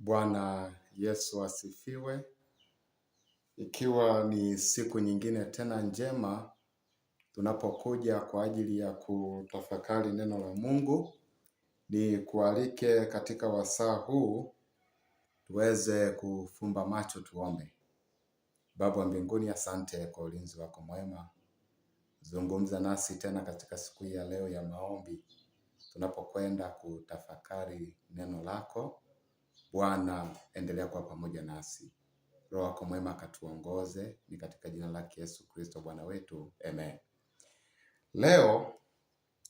Bwana Yesu asifiwe. Ikiwa ni siku nyingine tena njema tunapokuja kwa ajili ya kutafakari neno la Mungu, ni kualike katika wasaa huu tuweze kufumba macho tuombe. Baba mbinguni, asante kwa ulinzi wako mwema. Zungumza nasi tena katika siku hii ya leo ya maombi, tunapokwenda kutafakari neno lako Bwana, endelea kuwa pamoja nasi. Roho wako mwema akatuongoze, ni katika jina lake Yesu Kristo Bwana wetu, amen. Leo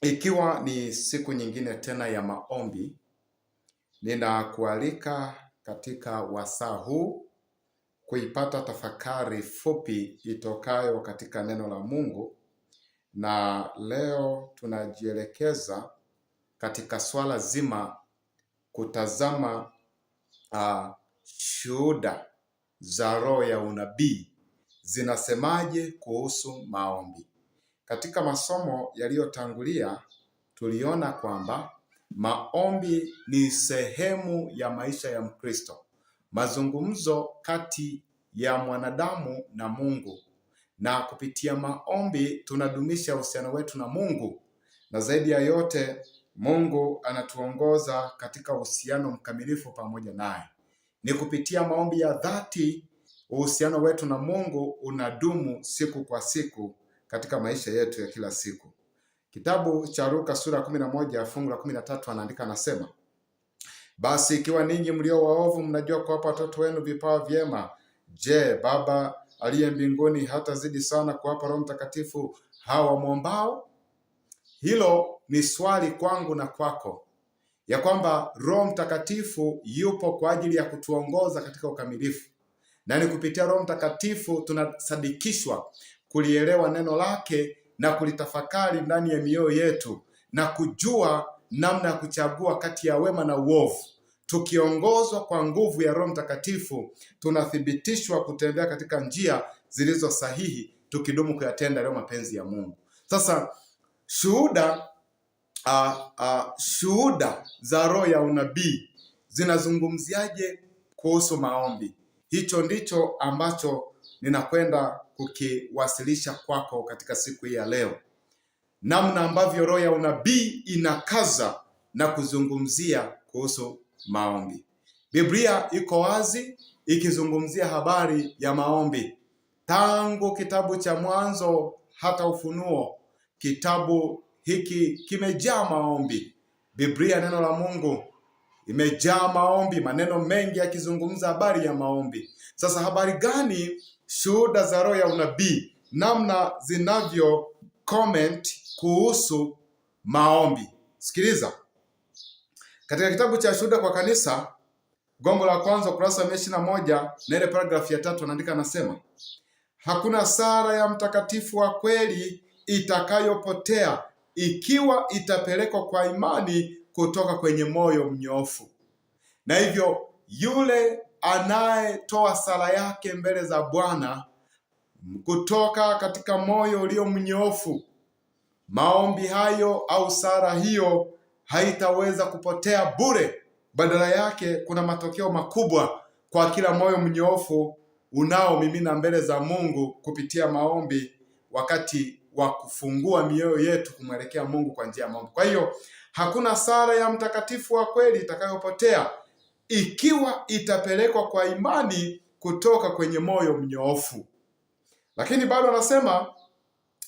ikiwa ni siku nyingine tena ya maombi, ninakualika katika wasaa huu kuipata tafakari fupi itokayo katika neno la Mungu, na leo tunajielekeza katika swala zima kutazama uh, shuhuda za roho ya unabii zinasemaje kuhusu maombi. Katika masomo yaliyotangulia tuliona kwamba maombi ni sehemu ya maisha ya Mkristo, mazungumzo kati ya mwanadamu na Mungu, na kupitia maombi tunadumisha uhusiano wetu na Mungu, na zaidi ya yote Mungu anatuongoza katika uhusiano mkamilifu pamoja naye. Ni kupitia maombi ya dhati, uhusiano wetu na Mungu unadumu siku kwa siku katika maisha yetu ya kila siku. Kitabu cha Luka sura ya 11 fungu la 13 anaandika anasema, basi ikiwa ninyi mlio waovu mnajua kuwapa watoto wenu vipawa vyema, je, Baba aliye mbinguni hatazidi sana kuwapa Roho Mtakatifu hawa wamwombao? Hilo ni swali kwangu na kwako, ya kwamba Roho Mtakatifu yupo kwa ajili ya kutuongoza katika ukamilifu, na ni kupitia Roho Mtakatifu tunasadikishwa kulielewa neno lake na kulitafakari ndani ya mioyo yetu na kujua namna ya kuchagua kati ya wema na uovu. Tukiongozwa kwa nguvu ya Roho Mtakatifu, tunathibitishwa kutembea katika njia zilizo sahihi, tukidumu kuyatenda leo mapenzi ya Mungu. Sasa Shuhuda uh, uh, shuhuda za roho ya unabii zinazungumziaje kuhusu maombi? Hicho ndicho ambacho ninakwenda kukiwasilisha kwako katika siku hii ya leo, namna ambavyo roho ya unabii inakaza na kuzungumzia kuhusu maombi. Biblia iko wazi ikizungumzia habari ya maombi tangu kitabu cha Mwanzo hata Ufunuo Kitabu hiki kimejaa maombi. Biblia, neno la Mungu, imejaa maombi, maneno mengi yakizungumza habari ya maombi. Sasa habari gani shuhuda za roho ya unabii namna zinavyo comment kuhusu maombi? Sikiliza, katika kitabu cha Shuhuda kwa Kanisa, gombo la kwanza, ukurasa wa ishirini na moja na ile paragrafu ya tatu, anaandika anasema, hakuna sala ya mtakatifu wa kweli itakayopotea ikiwa itapelekwa kwa imani kutoka kwenye moyo mnyofu. Na hivyo yule anayetoa sala yake mbele za Bwana kutoka katika moyo ulio mnyofu, maombi hayo au sala hiyo haitaweza kupotea bure. Badala yake kuna matokeo makubwa kwa kila moyo mnyoofu unaomimina mbele za Mungu kupitia maombi wakati wa kufungua mioyo yetu kumwelekea Mungu kwa njia ya maombi. Kwa hiyo hakuna sala ya mtakatifu wa kweli itakayopotea ikiwa itapelekwa kwa imani kutoka kwenye moyo mnyoofu. Lakini bado anasema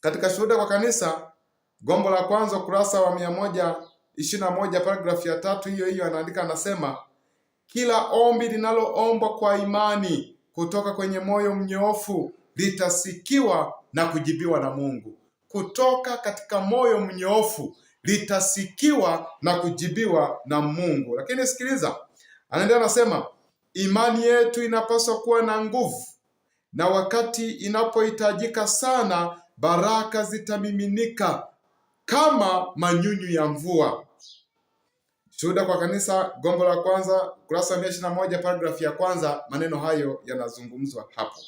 katika Shuhuda kwa Kanisa, gombo la kwanza, ukurasa wa mia moja ishirini na moja paragrafu ya tatu hiyo hiyo, anaandika anasema, kila ombi linaloombwa kwa imani kutoka kwenye moyo mnyoofu litasikiwa na kujibiwa na Mungu. Kutoka katika moyo mnyoofu litasikiwa na kujibiwa na Mungu. Lakini sikiliza, anaendelea anasema, imani yetu inapaswa kuwa na nguvu, na wakati inapohitajika sana, baraka zitamiminika kama manyunyu ya mvua. Shuhuda kwa Kanisa, gombo la kwanza, kurasa mia ishirini na moja, paragrafu ya kwanza. Maneno hayo yanazungumzwa hapo.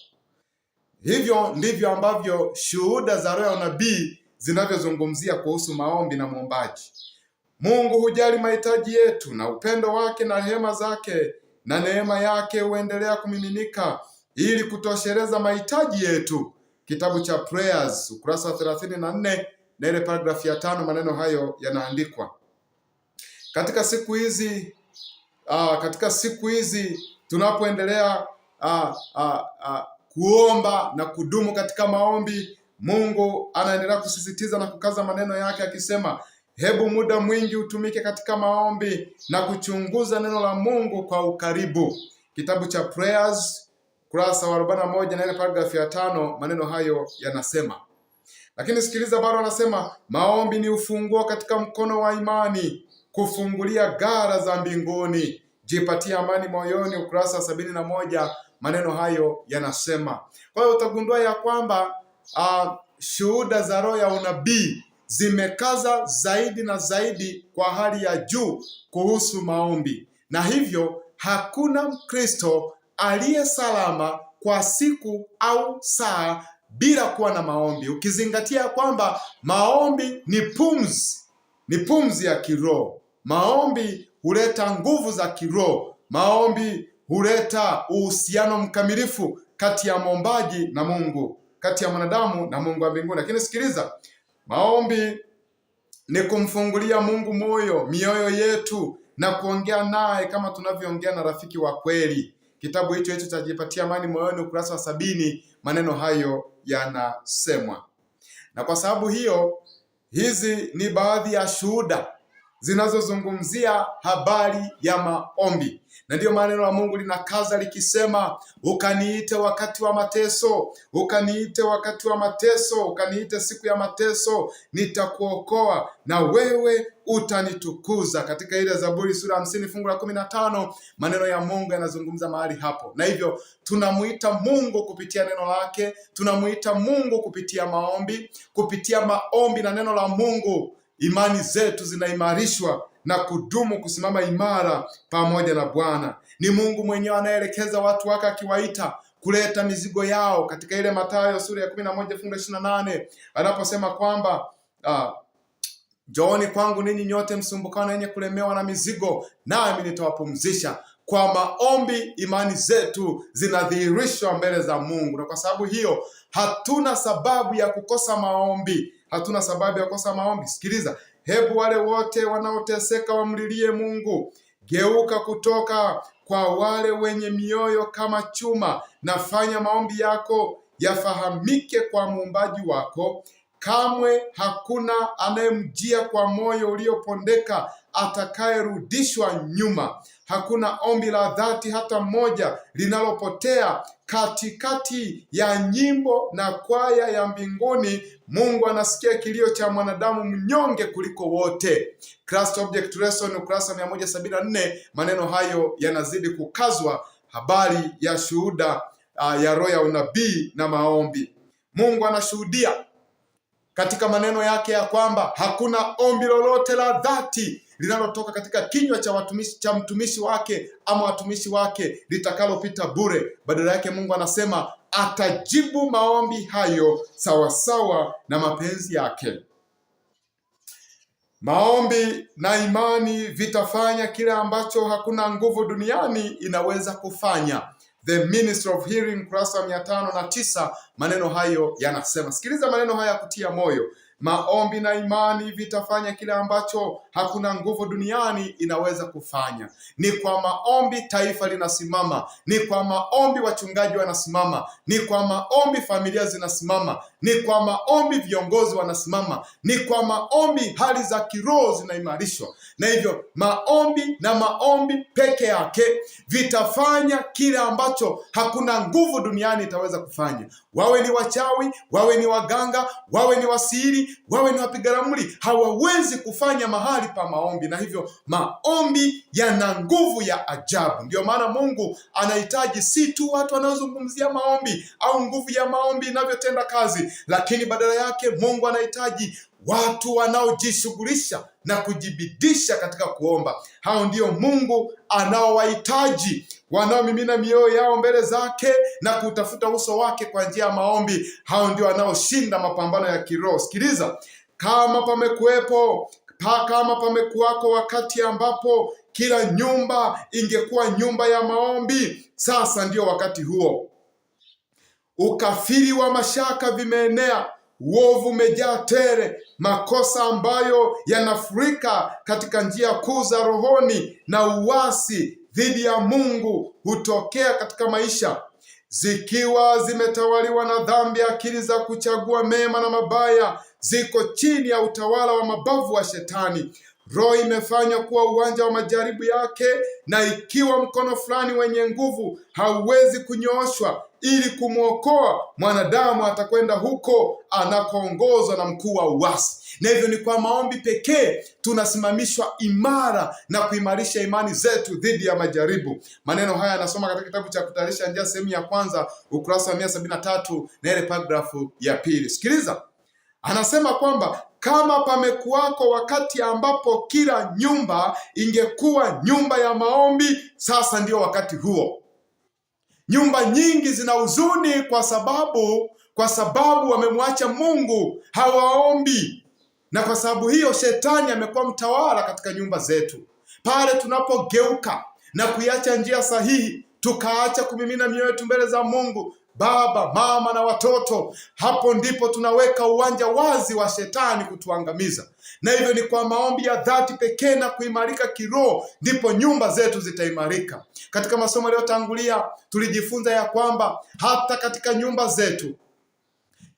Hivyo ndivyo ambavyo shuhuda za roho ya unabii zinavyozungumzia kuhusu maombi na mwombaji. Mungu hujali mahitaji yetu na upendo wake na rehema zake na neema yake huendelea kumiminika ili kutosheleza mahitaji yetu. Kitabu cha Prayers ukurasa wa 34 na ile paragrafu ya tano, maneno hayo yanaandikwa. Katika siku hizi uh, katika siku hizi tunapoendelea uh, uh, uh, kuomba na kudumu katika maombi. Mungu anaendelea kusisitiza na kukaza maneno yake akisema, hebu muda mwingi utumike katika maombi na kuchunguza neno la Mungu kwa ukaribu. Kitabu cha Prayers kurasa wa arobaini na moja na ile paragrafu ya tano, maneno hayo yanasema. Lakini sikiliza, bado anasema maombi ni ufunguo katika mkono wa imani kufungulia gara za mbinguni. Jipatie amani moyoni, ukurasa sabini na moja maneno hayo yanasema. Kwa hiyo utagundua ya kwamba uh, shuhuda za roho ya unabii zimekaza zaidi na zaidi kwa hali ya juu kuhusu maombi, na hivyo hakuna Mkristo aliye salama kwa siku au saa bila kuwa na maombi, ukizingatia kwamba maombi ni pumzi, ni pumzi ya kiroho. Maombi huleta nguvu za kiroho, maombi huleta uhusiano mkamilifu kati ya mwombaji na Mungu, kati ya mwanadamu na Mungu wa mbinguni. Lakini sikiliza, maombi ni kumfungulia Mungu moyo, mioyo yetu na kuongea naye kama tunavyoongea na rafiki wa kweli. Kitabu hicho hicho cha Jipatia Amani Moyoni, ukurasa wa sabini, maneno hayo yanasemwa. Na kwa sababu hiyo, hizi ni baadhi ya shuhuda zinazozungumzia habari ya maombi na ndiyo maneno neno la Mungu linakaza likisema, ukaniite wakati wa mateso, ukaniite wakati wa mateso, ukaniite siku ya mateso, nitakuokoa na wewe utanitukuza. Katika ile Zaburi sura hamsini fungu la kumi na tano maneno ya Mungu yanazungumza mahali hapo, na hivyo tunamuita Mungu kupitia neno lake, tunamuita Mungu kupitia maombi, kupitia maombi na neno la Mungu imani zetu zinaimarishwa na kudumu kusimama imara pamoja na Bwana. Ni Mungu mwenyewe anaelekeza watu wake akiwaita kuleta mizigo yao katika ile Mathayo sura ya kumi na moja fungu la ishirini na nane anaposema kwamba uh, Njooni kwangu ninyi nyote msumbukao na wenye kulemewa na mizigo, nami nitawapumzisha. Kwa maombi imani zetu zinadhihirishwa mbele za Mungu, na kwa sababu hiyo hatuna sababu ya kukosa maombi, hatuna sababu ya kukosa maombi. Sikiliza, Hebu wale wote wanaoteseka wamlilie Mungu. Geuka kutoka kwa wale wenye mioyo kama chuma, na fanya maombi yako yafahamike kwa muumbaji wako. Kamwe hakuna anayemjia kwa moyo uliopondeka atakayerudishwa nyuma. Hakuna ombi la dhati hata moja linalopotea katikati ya nyimbo na kwaya ya mbinguni. Mungu anasikia kilio cha mwanadamu mnyonge kuliko wote. Christ Object Lesson, ukurasa 174. Maneno hayo yanazidi kukazwa, habari ya shuhuda uh, ya roho ya unabii na maombi. Mungu anashuhudia katika maneno yake ya kwamba hakuna ombi lolote la dhati linalotoka katika kinywa cha watumishi, cha mtumishi wake ama watumishi wake litakalopita bure. Badala yake Mungu anasema atajibu maombi hayo sawasawa na mapenzi yake. Maombi na imani vitafanya kile ambacho hakuna nguvu duniani inaweza kufanya the ministry of hearing kurasa mia tano na tisa maneno hayo yanasema, sikiliza maneno haya ya kutia moyo. Maombi na imani vitafanya kile ambacho hakuna nguvu duniani inaweza kufanya. Ni kwa maombi taifa linasimama, ni kwa maombi wachungaji wanasimama, ni kwa maombi familia zinasimama, ni kwa maombi viongozi wanasimama, ni kwa maombi hali za kiroho zinaimarishwa. Na hivyo maombi na maombi peke yake vitafanya kile ambacho hakuna nguvu duniani itaweza kufanya. Wawe ni wachawi, wawe ni waganga, wawe ni wasiri wawe ni wapiga ramli, hawawezi kufanya mahali pa maombi, na hivyo maombi yana nguvu ya ajabu. Ndiyo maana Mungu anahitaji si tu watu wanaozungumzia maombi au nguvu ya maombi inavyotenda kazi, lakini badala yake Mungu anahitaji watu wanaojishughulisha na kujibidisha katika kuomba. Hao ndio Mungu anaowahitaji wanaomimina mioyo yao mbele zake na kutafuta uso wake kwa njia ya maombi. Hao ndio wanaoshinda mapambano ya kiroho. Sikiliza, kama pamekuwepo pa kama pamekuwako wakati ambapo kila nyumba ingekuwa nyumba ya maombi, sasa ndio wakati huo. Ukafiri wa mashaka vimeenea uovu umejaa tele, makosa ambayo yanafurika katika njia kuu za rohoni na uasi dhidi ya Mungu hutokea katika maisha zikiwa zimetawaliwa na dhambi. Akili za kuchagua mema na mabaya ziko chini ya utawala wa mabavu wa Shetani roho imefanywa kuwa uwanja wa majaribu yake, na ikiwa mkono fulani wenye nguvu hauwezi kunyooshwa ili kumwokoa mwanadamu, atakwenda huko anakoongozwa na mkuu wa uasi. Na hivyo ni kwa maombi pekee tunasimamishwa imara na kuimarisha imani zetu dhidi ya majaribu. Maneno haya yanasoma katika kitabu cha Kutayarisha Njia sehemu ya kwanza ukurasa wa mia sabini na tatu na ile paragrafu ya pili. Sikiliza, anasema kwamba kama pamekuwako wakati ambapo kila nyumba ingekuwa nyumba ya maombi, sasa ndio wakati huo. Nyumba nyingi zina huzuni kwa sababu kwa sababu wamemwacha Mungu, hawaombi, na kwa sababu hiyo shetani amekuwa mtawala katika nyumba zetu. Pale tunapogeuka na kuiacha njia sahihi, tukaacha kumimina mioyo yetu mbele za Mungu, baba, mama na watoto. Hapo ndipo tunaweka uwanja wazi wa shetani kutuangamiza, na hivyo ni kwa maombi ya dhati pekee na kuimarika kiroho ndipo nyumba zetu zitaimarika. Katika masomo yaliyotangulia tulijifunza ya kwamba hata katika nyumba zetu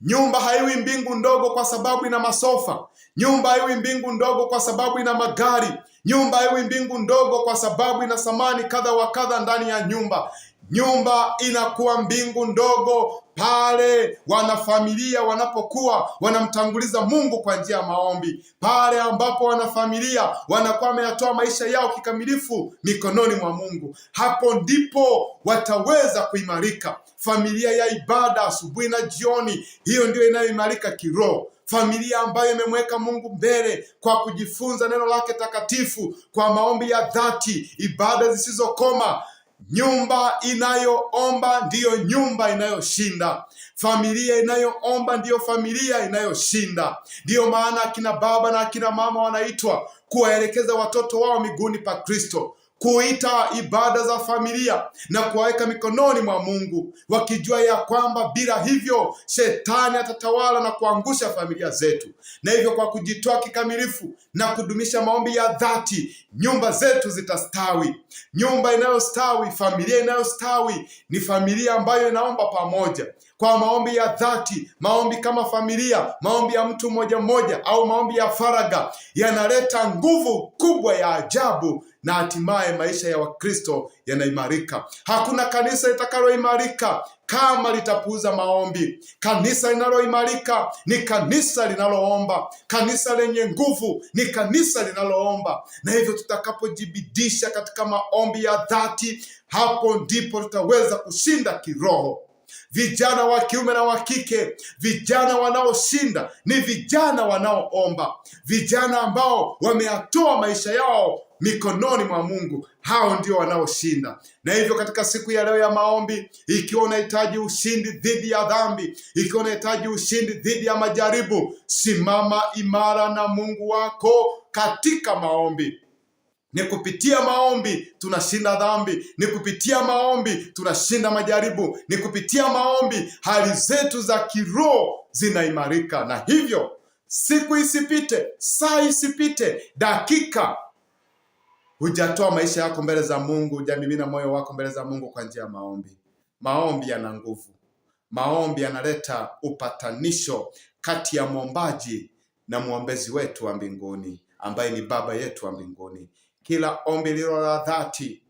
nyumba haiwi mbingu ndogo kwa sababu ina masofa. Nyumba haiwi mbingu ndogo kwa sababu ina magari. Nyumba haiwi mbingu ndogo kwa sababu ina samani kadha wa kadha ndani ya nyumba. Nyumba inakuwa mbingu ndogo pale wanafamilia wanapokuwa wanamtanguliza Mungu kwa njia ya maombi, pale ambapo wanafamilia wanakuwa wameyatoa maisha yao kikamilifu mikononi mwa Mungu, hapo ndipo wataweza kuimarika. Familia ya ibada asubuhi na jioni, hiyo ndio inayoimarika kiroho. Familia ambayo imemweka Mungu mbele kwa kujifunza neno lake takatifu, kwa maombi ya dhati, ibada zisizokoma Nyumba inayoomba ndiyo nyumba inayoshinda. Familia inayoomba ndiyo familia inayoshinda. Ndiyo maana akina baba na akina mama wanaitwa kuwaelekeza watoto wao miguuni pa Kristo kuita ibada za familia na kuwaweka mikononi mwa Mungu, wakijua ya kwamba bila hivyo shetani atatawala na kuangusha familia zetu. Na hivyo kwa kujitoa kikamilifu na kudumisha maombi ya dhati, nyumba zetu zitastawi. Nyumba inayostawi, familia inayostawi ni familia ambayo inaomba pamoja kwa maombi ya dhati. Maombi kama familia, maombi ya mtu mmoja mmoja au maombi ya faraga yanaleta nguvu kubwa ya ajabu na hatimaye maisha ya Wakristo yanaimarika. Hakuna kanisa litakaloimarika kama litapuuza maombi. Kanisa linaloimarika ni kanisa linaloomba. Kanisa lenye nguvu ni kanisa linaloomba, na hivyo tutakapojibidisha katika maombi ya dhati, hapo ndipo tutaweza kushinda kiroho. Vijana wa kiume na wa kike, vijana wanaoshinda ni vijana wanaoomba, vijana ambao wameyatoa maisha yao mikononi mwa Mungu. Hao ndio wanaoshinda. Na hivyo katika siku ya leo ya maombi, ikiwa unahitaji ushindi dhidi ya dhambi, ikiwa unahitaji ushindi dhidi ya majaribu, simama imara na Mungu wako katika maombi. Ni kupitia maombi tunashinda dhambi, ni kupitia maombi tunashinda majaribu, ni kupitia maombi hali zetu za kiroho zinaimarika. Na hivyo siku isipite, saa isipite, dakika hujatoa maisha yako mbele za Mungu, hujamimina moyo wako mbele za Mungu kwa njia ya maombi. Maombi yana nguvu, maombi yanaleta upatanisho kati ya mwombaji na mwombezi wetu wa mbinguni ambaye ni Baba yetu wa mbinguni. Kila ombi lilo la dhati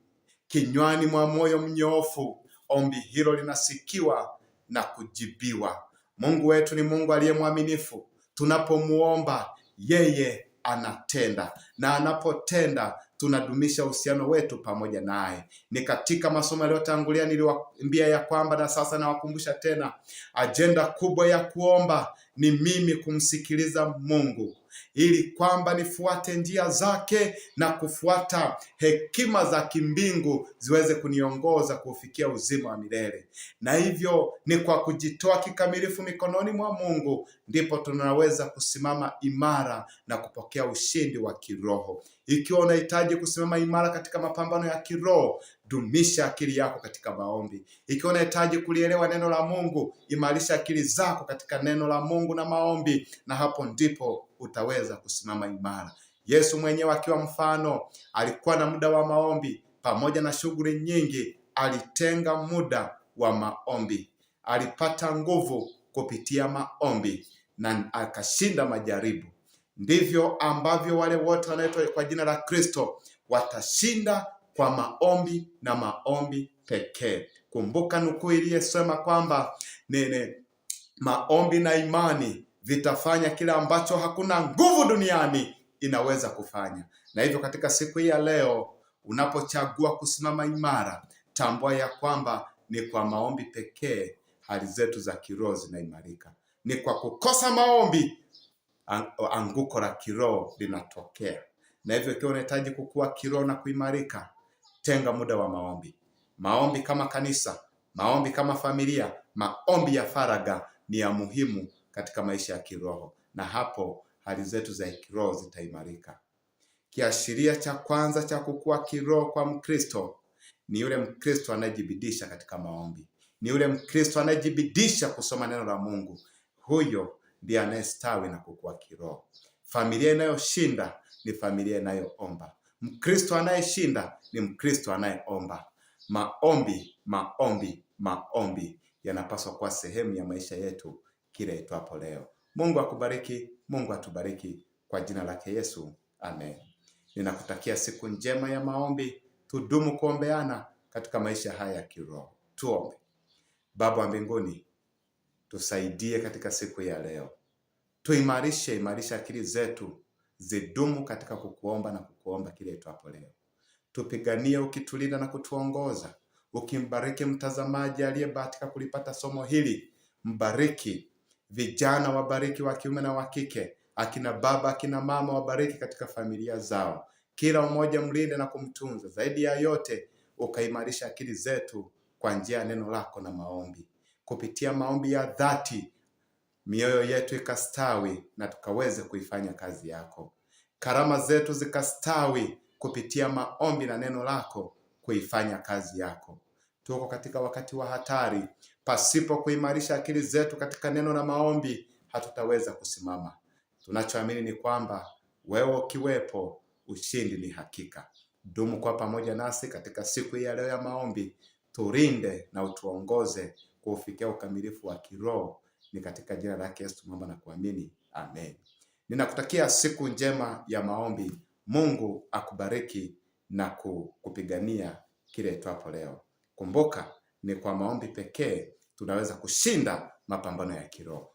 kinywani mwa moyo mnyoofu, ombi hilo linasikiwa na kujibiwa. Mungu wetu ni Mungu aliye mwaminifu. Tunapomuomba yeye anatenda, na anapotenda tunadumisha uhusiano wetu pamoja naye. Ni katika masomo yaliyotangulia niliwaambia ya kwamba, na sasa nawakumbusha tena, ajenda kubwa ya kuomba ni mimi kumsikiliza Mungu ili kwamba nifuate njia zake na kufuata hekima za kimbingu ziweze kuniongoza kufikia uzima wa milele. Na hivyo ni kwa kujitoa kikamilifu mikononi mwa Mungu ndipo tunaweza kusimama imara na kupokea ushindi wa kiroho. Ikiwa unahitaji kusimama imara katika mapambano ya kiroho, dumisha akili yako katika maombi. Ikiwa unahitaji kulielewa neno la Mungu, imarisha akili zako katika neno la Mungu na maombi, na hapo ndipo utaweza kusimama imara. Yesu mwenyewe akiwa mfano, alikuwa na muda wa maombi. Pamoja na shughuli nyingi, alitenga muda wa maombi. Alipata nguvu kupitia maombi na akashinda majaribu. Ndivyo ambavyo wale wote wanaitwa kwa jina la Kristo watashinda kwa maombi na maombi pekee. Kumbuka nukuu iliyesema kwamba nene maombi na imani vitafanya kile ambacho hakuna nguvu duniani inaweza kufanya. Na hivyo katika siku hii ya leo, unapochagua kusimama imara, tambua ya kwamba ni kwa maombi pekee hali zetu za kiroho zinaimarika. Ni kwa kukosa maombi anguko la kiroho linatokea. Na hivyo ikiwa unahitaji kukua kiroho na kuimarika, tenga muda wa maombi. Maombi kama kanisa, maombi kama familia, maombi ya faraga ni ya muhimu katika maisha ya kiroho, na hapo hali zetu za kiroho zitaimarika. Kiashiria cha kwanza cha kukua kiroho kwa Mkristo ni yule Mkristo anayejibidisha katika maombi, ni yule Mkristo anayejibidisha kusoma neno la Mungu. Huyo ndiye anayestawi na kukua kiroho. Familia inayoshinda ni familia inayoomba. Mkristo anayeshinda ni Mkristo anayeomba. Maombi, maombi, maombi yanapaswa kuwa sehemu ya maisha yetu kile itwapo leo. Mungu akubariki, Mungu atubariki kwa jina lake Yesu, amen. Ninakutakia siku njema ya maombi. Tudumu kuombeana katika maisha haya ya kiroho. Tuombe. Baba wa mbinguni, tusaidie katika siku ya leo, tuimarishe, imarisha akili zetu zidumu katika kukuomba na kukuomba kile itwapo leo. Tupiganie ukitulinda na kutuongoza, ukimbariki mtazamaji aliyebahatika kulipata somo hili, mbariki Vijana wabariki wa kiume na wa kike, akina baba, akina mama wabariki katika familia zao, kila mmoja mlinde na kumtunza. Zaidi ya yote, ukaimarisha akili zetu kwa njia ya neno lako na maombi. Kupitia maombi ya dhati, mioyo yetu ikastawi na tukaweze kuifanya kazi yako. Karama zetu zikastawi kupitia maombi na neno lako kuifanya kazi yako. Tuko katika wakati wa hatari. Pasipo kuimarisha akili zetu katika neno na maombi, hatutaweza kusimama. Tunachoamini ni kwamba wewe ukiwepo, ushindi ni hakika. Dumu kwa pamoja nasi katika siku hii ya leo ya maombi, turinde na utuongoze kuufikia ukamilifu wa kiroho. Ni katika jina la Yesu tunaomba na kuamini, amen. Ninakutakia siku njema ya maombi. Mungu akubariki na kukupigania kile itwapo leo. Kumbuka, ni kwa maombi pekee tunaweza kushinda mapambano ya kiroho.